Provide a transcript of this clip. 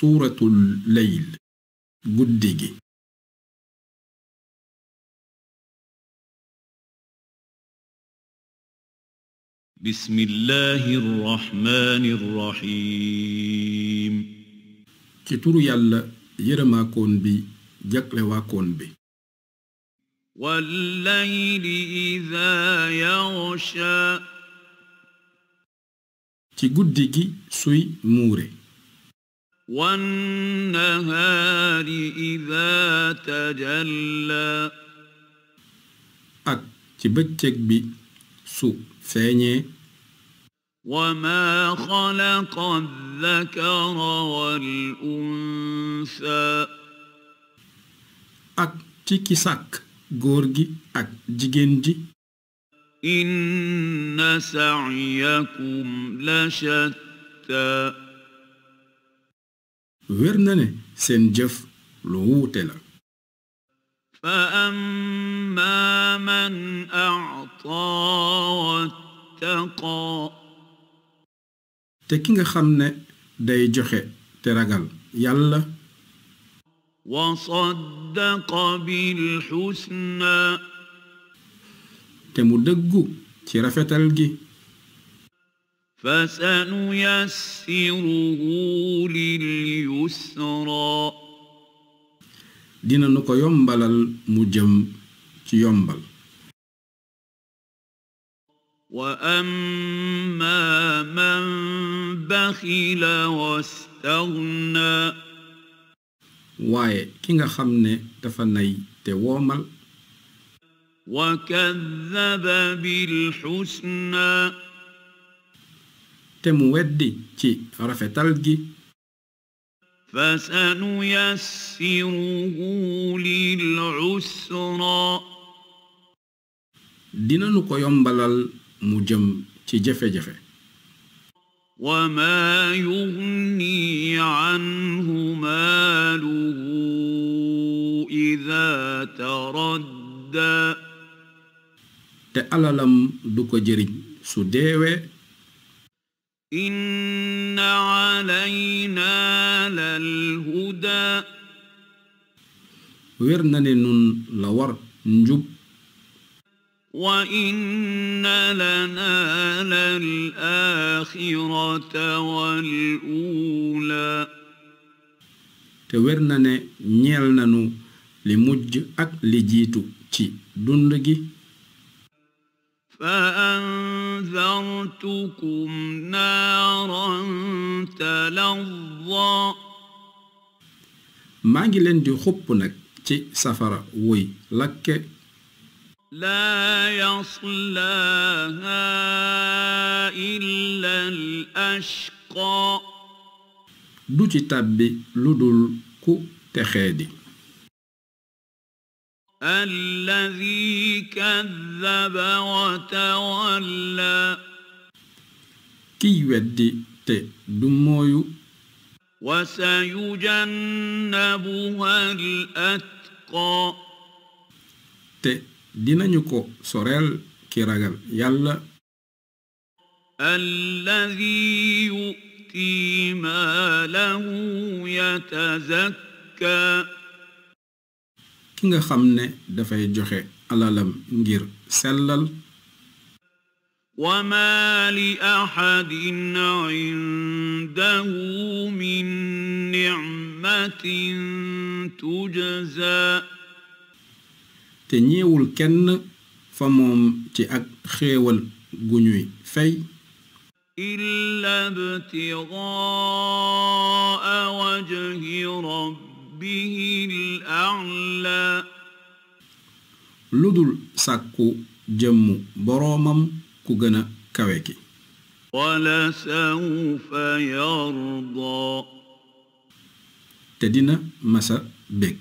suuratul layl guddi gi بسم الله الرحمن الرحيم ci turu yàlla yërëmaakoon bi jaglewaakoon bi والليل إذا يغشى ci guddi gi suy muure والنهار إذا تجلى أكتبتك بي سو فيني وما خلق الذكر والأنثى أك ساك غورجي أك جيجنجي إن سعيكم لشتى wér na ne seen jëf lu wuute la fa amma man a'taa wattaqaa te ki nga xam ne day joxe te ragal yàlla wa saddaqa bil husna te mu dëggu ci rafetal gi فسنيسره لليسرى دينا نكو يومبال المجم يومبال وأما من بخل واستغنى واي كيغا خامني دافا ناي تي وكذب بالحسنى تم ودي كي رفع تلقي فسنيسره للعسرى dina nu ko yombalal mu jëm ci jafe-jafe وما يغني عنه ماله إذا تردى te alalam du ko إن علينا للهدى ويرنن لور نجب وإن لنا للآخرة والأولى تورنن نيلنن لمج أك لجيتو تي دندقي أنذرتكم نارا تلظى ماغي لين دي خوب نك تي سفارا وي لك لا يصلها إلا الأشقى دو تي تابي لودول كو تخيدي الذي كذب وتولى kiy weddi te du mooyu wa sayujannabuha al-atqa te dinañu ko soreel ki ragal yàlla alladi yu'ti maalahu yatazakka ki nga xam ne dafay joxe alalam ngir sellal وما لأحد عنده من نعمة تجزى تنيول كن فموم تي خيوال غنوي في إلا ابتغاء وجه ربه الأعلى لدل ساكو جمو برومم ku gën kawe ki te dina masa bég